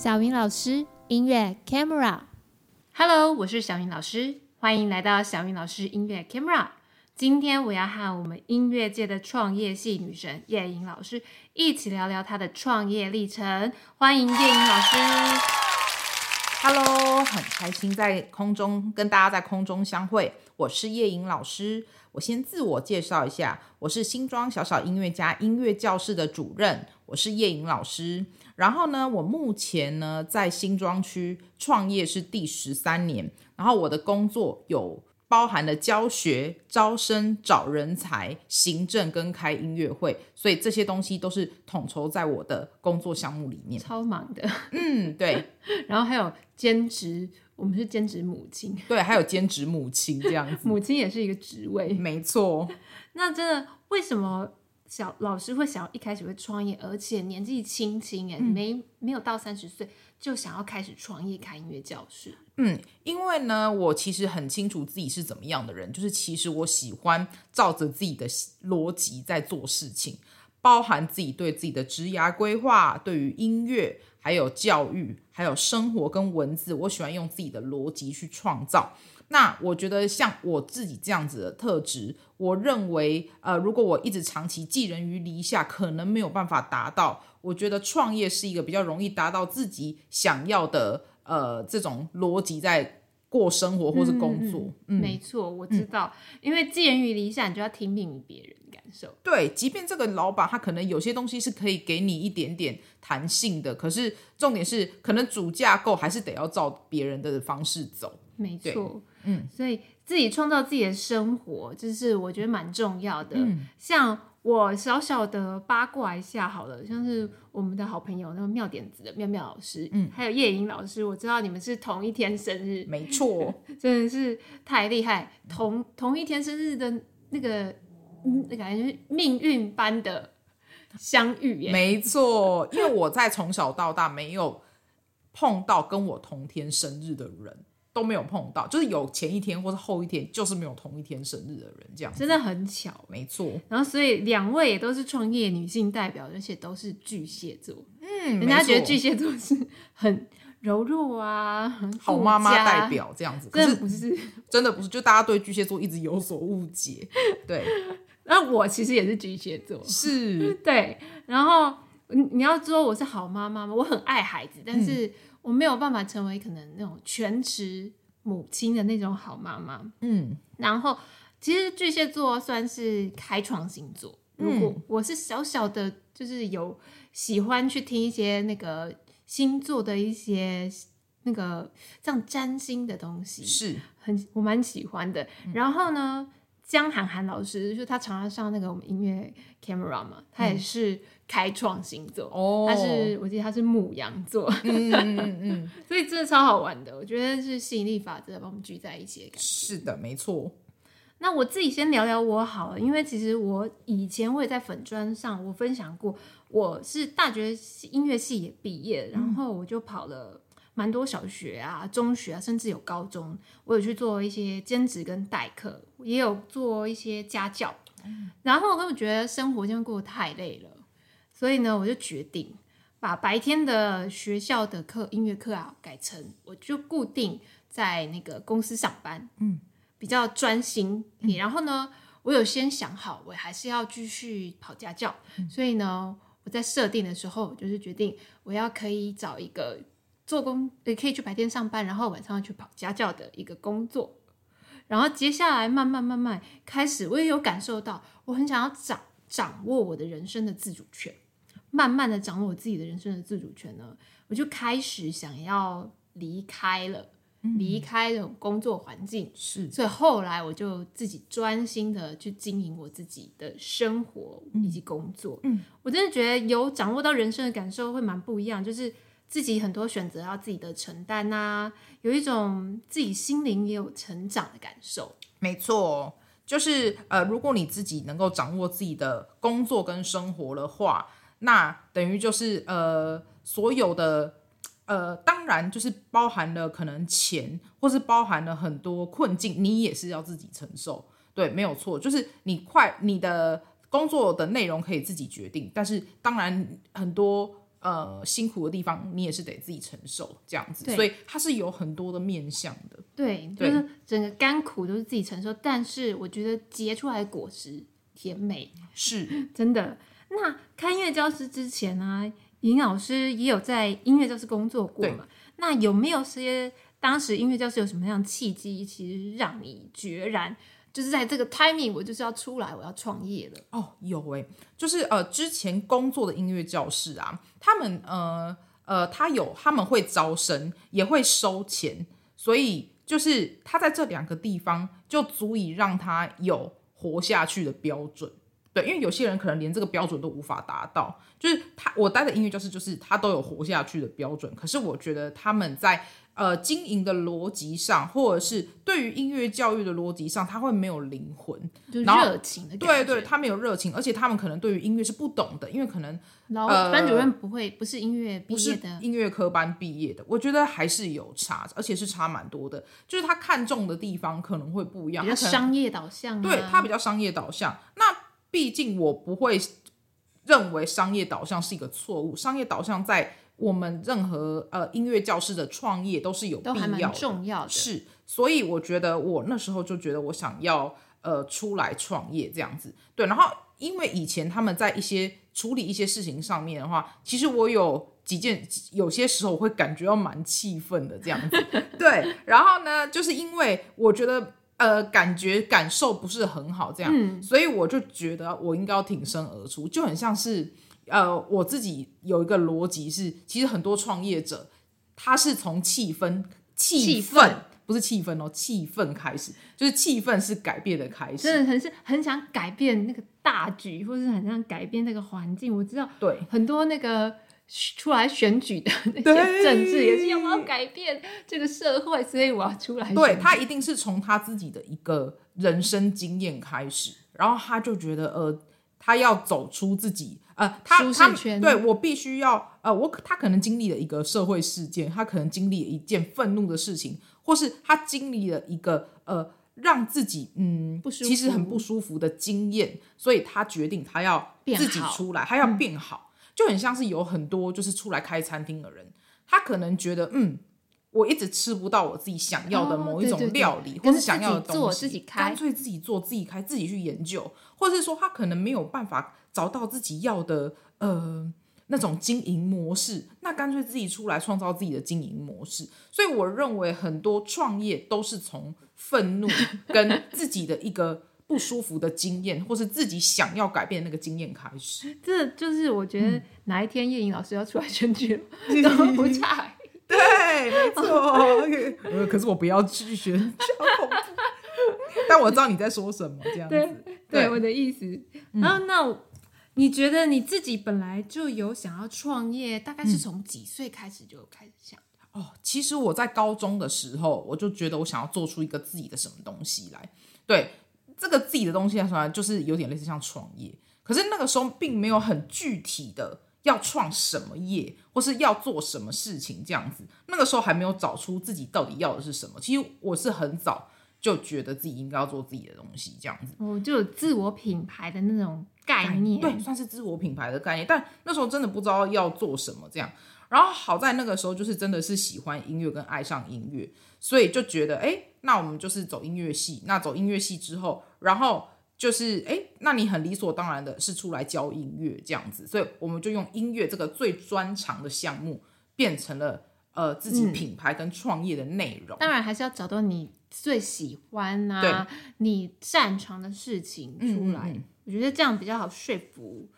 小云老師，音樂 camera，Hello，我是小芸老師，歡迎來到小芸老師音樂 camera。今天我要和我們音樂界的創業系女神葉盈老師一起聊聊她的創業歷程。歡迎葉盈老師。Hello，很開心在空中跟大家在空中相會。我是葉盈老師，我先自我介紹一下，我是新莊小小音樂家音樂教室的主任。我是葉盈老師，然後呢，我目前呢在新莊區創業是第十三年，然後我的工作有包含了教學、招生、找人才、行政跟開音樂會，所以這些東西都是統籌在我的工作項目裡面。超忙的，嗯，對。 然後還有兼職，我們是兼職母親，對，還有兼職母親這樣子，母親也是一個職位，沒錯。那真的為什麼？小老師會想要一開始會創業，而且年紀輕輕誒，嗯、沒沒有到三十歲就想要開始創業，開音樂教室。嗯，因為呢，我其實很清楚自己是怎麼樣的人，就是其實我喜歡照着自己的邏輯在做事情，包含自己對自己的職涯規劃、對於音樂、還有教育、還有生活跟文字，我喜歡用自己的邏輯去創造。那我覺得像我自己這樣子的特質，我認為，呃，如果我一直長期寄人於籬下，可能沒有辦法達到。我覺得創業是一個比較容易達到自己想要的，呃，這種邏輯在過生活或是工作。嗯嗯、沒錯，嗯、我知道，因為寄人於籬下，你就要聽命於別人的感受。對，即便這個老闆他可能有些東西是可以給你一點點彈性的，可是重點是，可能主架構還是得要照別人的方式走。沒錯。嗯，所以自己創造自己的生活，就是我覺得蠻重要的。嗯，像我小小的八卦一下好了，像是我們的好朋友，那個妙點子的妙妙老師，嗯，還有葉盈老師，我知道你們是同一天生日，嗯，沒錯，真的是太厲害，同同一天生日的那個，嗯，感覺就是命運般的相遇，沒錯，因為我在從小到大沒有碰到跟我同天生日的人。都沒有碰到，就是有前一天或是後一天，就是沒有同一天生日的人，這樣真的很巧，沒錯。然後所以兩位也都是創業女性代表的，而且都是巨蟹座，嗯，人家覺得巨蟹座是很柔弱啊，很好媽媽代表這樣子，可是不是真的不是，就大家對巨蟹座一直有所誤解，對。 那我其實也是巨蟹座，是，對。然後你要說我是好媽媽嗎？我很愛孩子，但是。嗯我沒有辦法成為可能那種全職母親的那種好媽媽。嗯，然後其實巨蟹座算是開創星座。如果我是小小的，就是有喜歡去聽一些那個星座的一些那個像占星的東西，是很我蠻喜歡的。嗯，然後呢，江涵涵老師就是他常常上那個我們音樂 camera 嘛，他也是。嗯開創星座，他、oh. 是我記得他是牧羊座、 嗯，嗯嗯嗯嗯，所以真的超好玩的。我覺得是吸引力法則把我們聚在一起的感覺。是的，沒錯。那我自己先聊聊我好了，因為其實我以前我也在粉專上我分享過，我是大學音樂系也畢業，然後我就跑了蠻多小學啊、中學啊，甚至有高中，我有去做一些兼職跟代課，也有做一些家教。然後我我覺得生活現在過得太累了。所以呢，我就決定把白天的學校的課、音樂課啊改成，我就固定在那個公司上班，嗯，比較專心。你、嗯、然後呢，我有先想好，我還是要繼續跑家教。嗯、所以呢，我在設定的時候，我就是決定，我要可以找一個做工，也、呃、可以去白天上班，然後晚上要去跑家教的一個工作。然後接下來慢慢慢慢開始，我也有感受到，我很想要掌掌握我的人生的自主權。慢慢的掌握我自己的人生的自主權呢，我就開始想要離開了，嗯嗯、離開這種工作環境。是，所以後來我就自己專心的去經營我自己的生活以及工作。嗯，嗯我真的覺得有掌握到人生的感受會蠻不一樣，就是自己很多選擇要自己的承擔啊，有一種自己心靈也有成長的感受。沒錯，就是呃，如果你自己能夠掌握自己的工作跟生活的話。那等於就是呃，所有的呃，當然就是包含了可能錢，或是包含了很多困境，你也是要自己承受。對，沒有錯，就是你快你的工作的內容可以自己決定，但是當然很多呃辛苦的地方你也是得自己承受，這樣子。對所以它是有很多的面向的。對，就是對整個甘苦都是自己承受，但是我覺得結出來的果實甜美是 真的。那開音樂教室之前呢、啊，盈老師也有在音樂教室工作過嘛？對那有沒有些當時音樂教室有什麼樣的契機，其實讓你決然就是在這個 timing，我就是要出來，我要創業了？哦，有哎、欸，就是呃之前工作的音樂教室啊，他們呃呃他有他們會招生，也會收錢，所以就是他在這兩個地方就足以讓他有活下去的標準。對，因為有些人可能連這個標準都無法達到，就是他我待的音樂教室就是就是他都有活下去的標準，可是我覺得他們在呃經營的邏輯上，或者是對於音樂教育的邏輯上，他會沒有靈魂，就熱情然後對，對對，他沒有熱情，而且他們可能對於音樂是不懂的，因為可能呃班主任不會不是音樂畢業的不是音樂科班畢業的，我覺得還是有差，而且是差蠻多的，就是他看重的地方可能會不一樣，比較商業導向，啊，對他比較商業導向，那。畢竟我不會認為商業導向是一個錯誤，商業導向在我們任何呃音樂教室的創業都是有必要的，都還蠻重要的，是，所以我覺得我那時候就覺得我想要呃出來創業這樣子，對，然後因為以前他們在一些處理一些事情上面的話，其實我有幾件有些時候我會感覺到蠻氣憤的這樣子，對，然後呢，就是因為我覺得。呃，感覺感受不是很好，這樣，嗯、所以我就覺得我應該要挺身而出，就很像是，呃，我自己有一個邏輯是，其實很多創業者，他是從氣氛，氣氛，氣氛不是氣氛哦，氣氛開始，就是氣氛是改變的開始，真的很是很想改變那個大局，或是很想改變那個環境。我知道，對，很多那個。出來選舉的那些政治對也是要，要改變這個社會，所以我要出來選。對。對，他一定是從他自己的一個人生經驗開始，然後他就覺得呃，他要走出自己呃，他他，他對我必須要呃，我他可能經歷了一個社會事件，他可能經歷了一件憤怒的事情，或是他經歷了一個呃，讓自己嗯，不舒其實很不舒服的經驗，所以他決定他要自己出來，他要變好。嗯就很像是有很多就是出來開餐廳的人，他可能覺得，嗯，我一直吃不到我自己想要的某一種料理，哦、對對對，或是想要的東西，自己自己開，乾脆自己做、自己開、自己去研究，或者是說他可能沒有辦法找到自己要的呃那種經營模式，那乾脆自己出來創造自己的經營模式。所以我認為很多創業都是從憤怒跟自己的一個。 不舒服的經驗，或是自己想要改變那個經驗開始，這就是我覺得哪一天葉盈老師要出來宣教、嗯、都不差對，沒錯。可是我不要去宣 但我知道你在說什麼，這樣子。對，對，對，我的意思。然後、嗯啊，那你覺得你自己本來就有想要創業，大概是從幾歲開始就開始想？嗯、哦，其實我在高中的時候，我就覺得我想要做出一個自己的什麼東西來。對。這個自己的東西來說，就是有點類似像創業，可是那個時候並沒有很具體的要創什麼業，或是要做什麼事情這樣子。那個時候還沒有找出自己到底要的是什麼。其實我是很早就覺得自己應該要做自己的東西這樣子，我、哦、就有自我品牌的那種概念概，對，算是自我品牌的概念。但那時候真的不知道要做什麼這樣。然後好在那個時候，就是真的是喜歡音樂跟愛上音樂，所以就覺得哎、欸，那我們就是走音樂系。那走音樂系之後，然後就是哎、欸，那你很理所當然的是出來教音樂這樣子。所以我們就用音樂這個最專長的項目，變成了呃自己品牌跟創業的內容、嗯。當然還是要找到你最喜歡啊，對你擅長的事情出來。嗯嗯嗯我覺得這樣比較好說服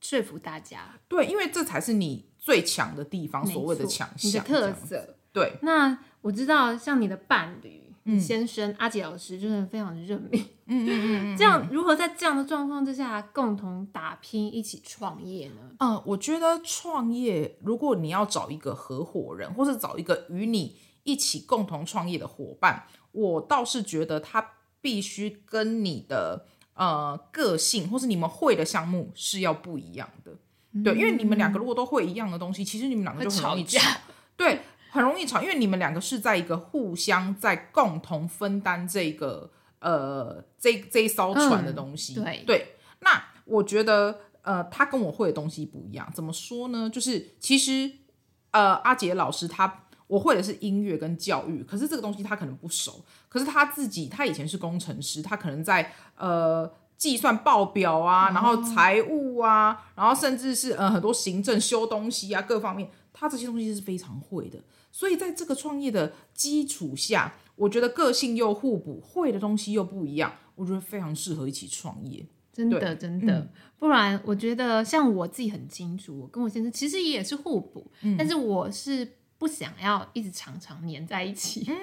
說服大家。對，因為這才是你。最強的地方，錯所謂的強項，你的特色。對，那我知道，像你的伴侶、嗯、先生阿杰老師，就是非常認命。嗯嗯嗯， 這樣如何在這樣的狀況之下、嗯、共同打拼、一起創業呢？嗯、呃，我覺得創業，如果你要找一個合夥人，或是找一個與你一起共同創業的夥伴，我倒是覺得他必須跟你的呃個性，或是你們會的項目是要不一樣的。對，因為你們兩個如果都會一樣的東西，嗯、其實你們兩個就很容易吵槍。對，很容易吵，因為你們兩個是在一個互相在共同分擔這個呃這這一艘船的東西。嗯、對，對，那我覺得呃，他跟我會的東西不一樣，怎麼說呢？就是其實呃，阿杰老師他我會的是音樂跟教育，可是這個東西他可能不熟。可是他自己他以前是工程師，他可能在呃。計算報表啊，然後財務啊，然後甚至是呃、嗯、很多行政修東西啊，各方面，他這些東西是非常會的。所以在這個創業的基礎下，我覺得個性又互補，會的東西又不一樣，我覺得非常適合一起創業。真的，對真的，嗯、不然我覺得像我自己很清楚，我跟我先生其實也是互補，嗯、但是我是不想要一直常常黏在一起。嗯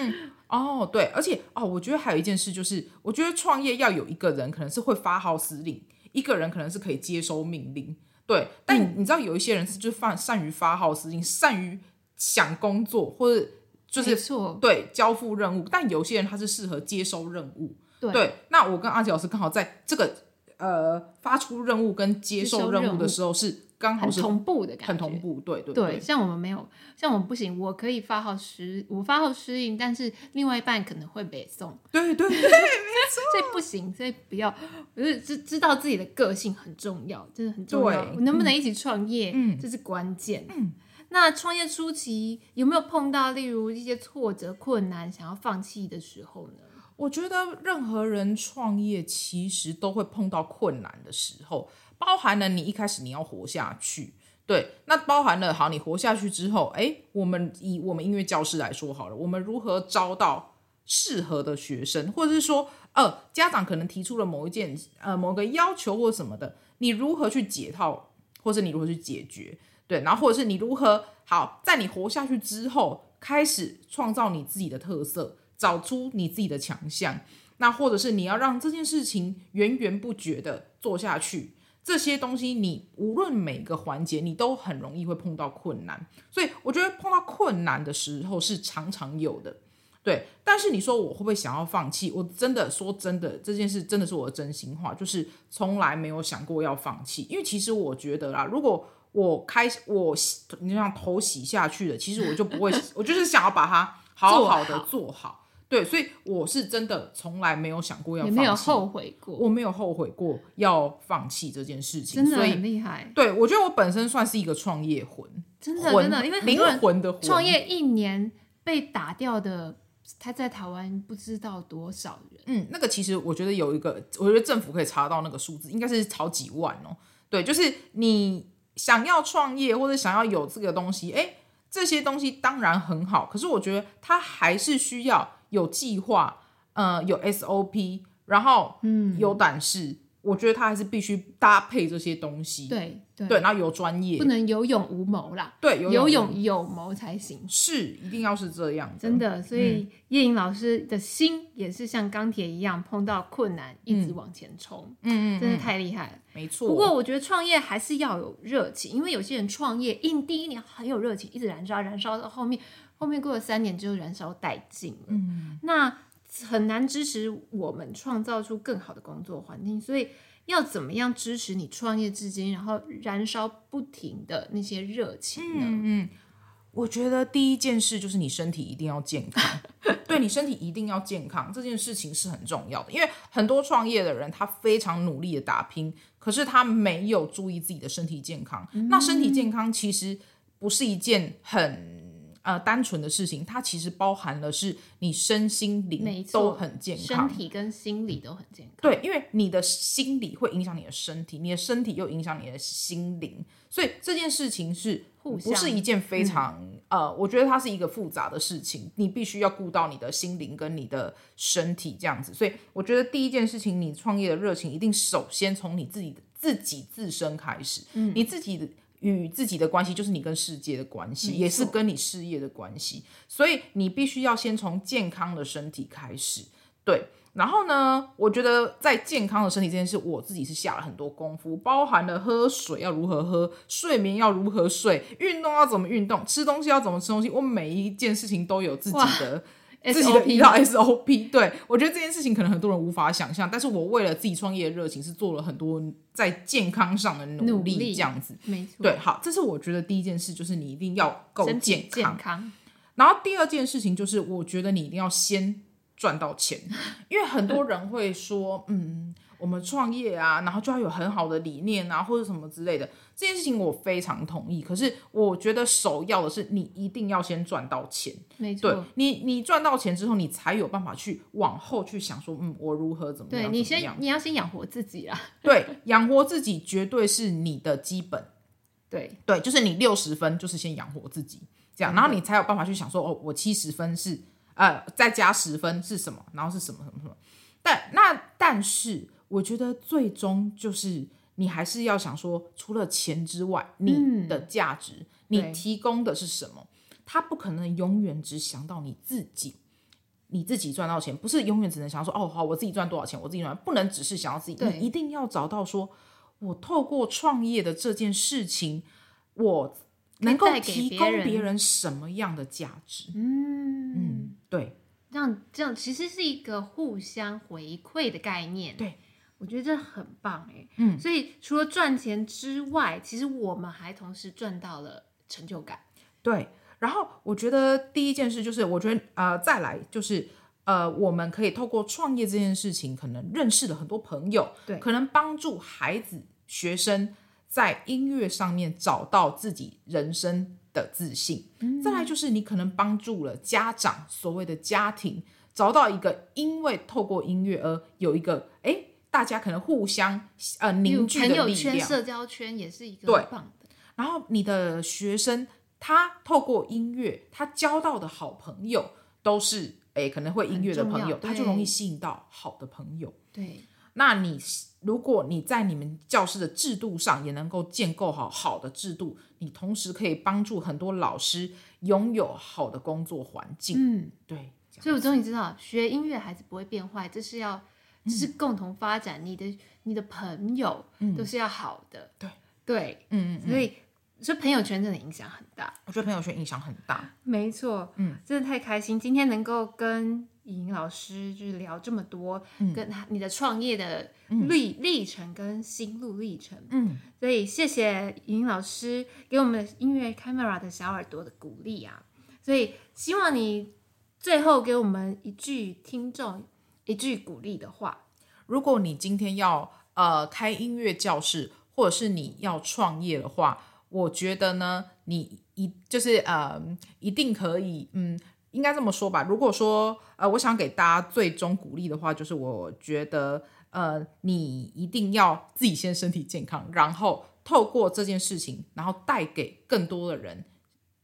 嗯，哦，對，而且哦，我覺得還有一件事就是，我覺得創業要有一個人可能是會發號施令，一個人可能是可以接收命令。對，但你知道有一些人是就發善於發號施令，善於想工作或者就是沒錯。對，交付任務，但有些人他是適合接收任務。對，對，那我跟阿杰老師剛好在這個呃發出任務跟接受任務的時候是。剛好是很同步的感覺，很同步，對對對。像我們沒有，像我們不行，我可以發號施，我發號施令，但是另外一半可能會被送。對對對， 沒錯。所以不行，所以不要，就是知知道自己的個性很重要，真的很重要。對，我能不能一起創業，嗯，這是關鍵。嗯，那創業初期有沒有碰到例如一些挫折、困難，想要放棄的時候呢？我覺得任何人創業，其實都會碰到困難的時候。包含了你一開始你要活下去，對，那包含了好，你活下去之後，哎，我們以我們音樂教室來說好了，我們如何招到適合的學生，或者是說，呃，家長可能提出了某一件，呃，某個要求或什麼的，你如何去解套，或是你如何去解決，對，然後或者是你如何好，在你活下去之後，開始創造你自己的特色，找出你自己的強項，那或者是你要讓這件事情源源不絕地做下去。這些東西，你無論每個環節，你都很容易會碰到困難，所以我覺得碰到困難的時候是常常有的，對。但是你說我會不會想要放棄？我真的說真的，這件事真的是我的真心話，就是從來沒有想過要放棄，因為其實我覺得啦，如果我開我洗你像頭洗下去了，其實我就不會， 我就是想要把它好好的做好。對，所以我是真的從來沒有想過要放棄，也沒有後悔過，我沒有後悔過要放棄這件事情，真的很厲害。對，我覺得我本身算是一個創業魂，真的魂真的，因為很多人靈魂的魂。創業一年被打掉的，他在台灣不知道多少人。嗯，那個其實我覺得有一個，我覺得政府可以查到那個數字，應該是好幾萬哦。對，就是你想要創業或者想要有這個東西，哎，這些東西當然很好，可是我覺得他還是需要。有計劃，呃，有 SOP，然後，嗯，有膽識。我覺得他還是必須搭配這些東西，對對，對，然後有專業，不能有勇無謀啦，對，有勇有謀才行，是一定要是這樣的，真的。所以葉盈老師的心也是像鋼鐵一樣，嗯、碰到困難一直往前衝，嗯嗯，真的太厲害了，嗯嗯嗯，沒錯。不過我覺得創業還是要有熱情，因為有些人創業，因第一年很有熱情，一直燃燒燃燒到後面，後面過了三年就燃燒殆盡了，嗯，那。很難支持我們創造出更好的工作環境，所以要怎麼樣支持你創業至今，然後燃燒不停的那些熱情呢？嗯，我覺得第一件事就是你身體一定要健康， 對，你身體一定要健康這件事情是很重要的，因為很多創業的人他非常努力的打拼，可是他沒有注意自己的身體健康。嗯、那身體健康其實不是一件很。呃，單純的事情，它其實包含了是你身心靈都很健康，身體跟心理都很健康。對，因為你的心理會影響你的身體，你的身體又影響你的心靈，所以這件事情是互相，不是一件非常、嗯、呃，我覺得它是一個複雜的事情，你必須要顧到你的心靈跟你的身體這樣子。所以，我覺得第一件事情，你創業的熱情一定首先從你自己自己自身開始，嗯，你自己的。與自己的關係就是你跟世界的關係，沒錯。也是跟你事業的關係，所以你必須要先從健康的身體開始，對。然後呢，我覺得在健康的身體這件事，我自己是下了很多功夫，包含了喝水要如何喝，睡眠要如何睡，運動要怎麼運動，吃東西要怎麼吃東西，我每一件事情都有自己的。自己的一套 SOP，對，我覺得這件事情可能很多人無法想象，但是我為了自己創業的熱情是做了很多在健康上的努力，這樣子，沒錯。對，好，這是我覺得第一件事，就是你一定要夠健康。健康。然後第二件事情就是，我覺得你一定要先賺到錢，因為很多人會說，嗯。我們創業啊，然後就要有很好的理念啊，或者什麼之類的。這件事情我非常同意。可是，我覺得首要的是，你一定要先賺到錢。沒錯，對你你賺到錢之後，你才有辦法去往後去想說，嗯，我如何怎麼樣對你先樣你要先養活自己啊。對，養活自己絕對是你的基本。 對對，就是你六十分就是先養活自己，這樣，嗯、對然後你才有辦法去想說，哦，我七十分是呃再加十分是什麼，然後是什麼什麼什麼。但那但是。我覺得最終就是你還是要想說，除了錢之外，嗯、你的價值，對你提供的是什麼？他不可能永遠只想到你自己，你自己賺到錢，不是永遠只能想說，哦，好，我自己賺多少錢，我自己賺，不能只是想要自己，對你一定要找到說，我透過創業的這件事情，我能夠提供別人什麼樣的價值？嗯嗯，對，這樣這樣其實是一個互相回饋的概念，對。我覺得這很棒誒嗯，所以除了賺錢之外，其實我們還同時賺到了成就感。對，然後我覺得第一件事就是，我覺得呃，再來就是呃，我們可以透過創業這件事情，可能認識了很多朋友，對可能幫助孩子、學生在音樂上面找到自己人生的自信。嗯，再來就是，你可能幫助了家長，所謂的家庭找到一個，因為透過音樂而有一個哎。誒大家可能互相呃凝聚的力量，朋友圈、社交圈也是一個很棒的。對，然後你的學生他透過音樂，他交到的好朋友都是誒可能會音樂的朋友，他就容易吸引到好的朋友。對，那你如果你在你們教室的制度上也能夠建構好好的制度，你同時可以幫助很多老師擁有好的工作環境。嗯，對。所以我終於知道學音樂還是不會變壞，這是要。嗯、就是共同發展，你的你的朋友都是要好的，對、嗯、對，嗯，所以嗯，所以朋友圈真的影響很大。我覺得朋友圈影響很大，沒錯錯，嗯，真的太開心，今天能夠跟葉盈老師就是聊這麼多，嗯、跟你的創業的歷歷、嗯、程跟心路歷程，嗯，所以謝謝葉盈老師給我們的音樂 camera 的小耳朵的鼓勵啊，所以希望你最後給我們一句聽眾一句鼓勵的話。如果你今天要呃開音樂教室，或者是你要創業的話，我覺得呢，你一就是呃一定可以，嗯，應該這麼說吧。如果說呃，我想給大家最終鼓勵的話，就是我覺得呃，你一定要自己先身體健康，然後透過這件事情，然後帶給更多的人。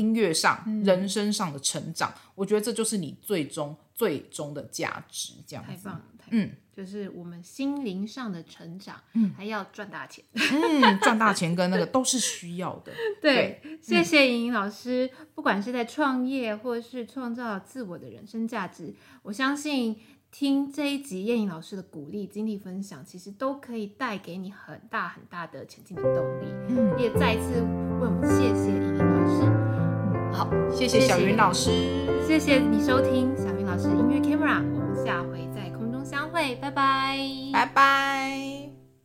音樂上、人生上的成長，嗯、我覺得這就是你最終、最終的價值。這樣太棒了！太棒了。嗯，就是我們心靈上的成長，嗯，還要賺大錢 嗯。賺大錢跟那個都是需要的。 對，對對謝謝盈盈老師。嗯、不管是在創業，或是創造自我的人生價值，我相信聽這一集葉盈老師的鼓勵、經歷分享，其實都可以帶給你很大很大的前進的動力。嗯，也再一次為我們謝謝盈。好，謝謝小芸老師。謝謝，謝謝你收聽小芸老師音樂 Camera，我們下回在空中相會，拜拜，拜拜。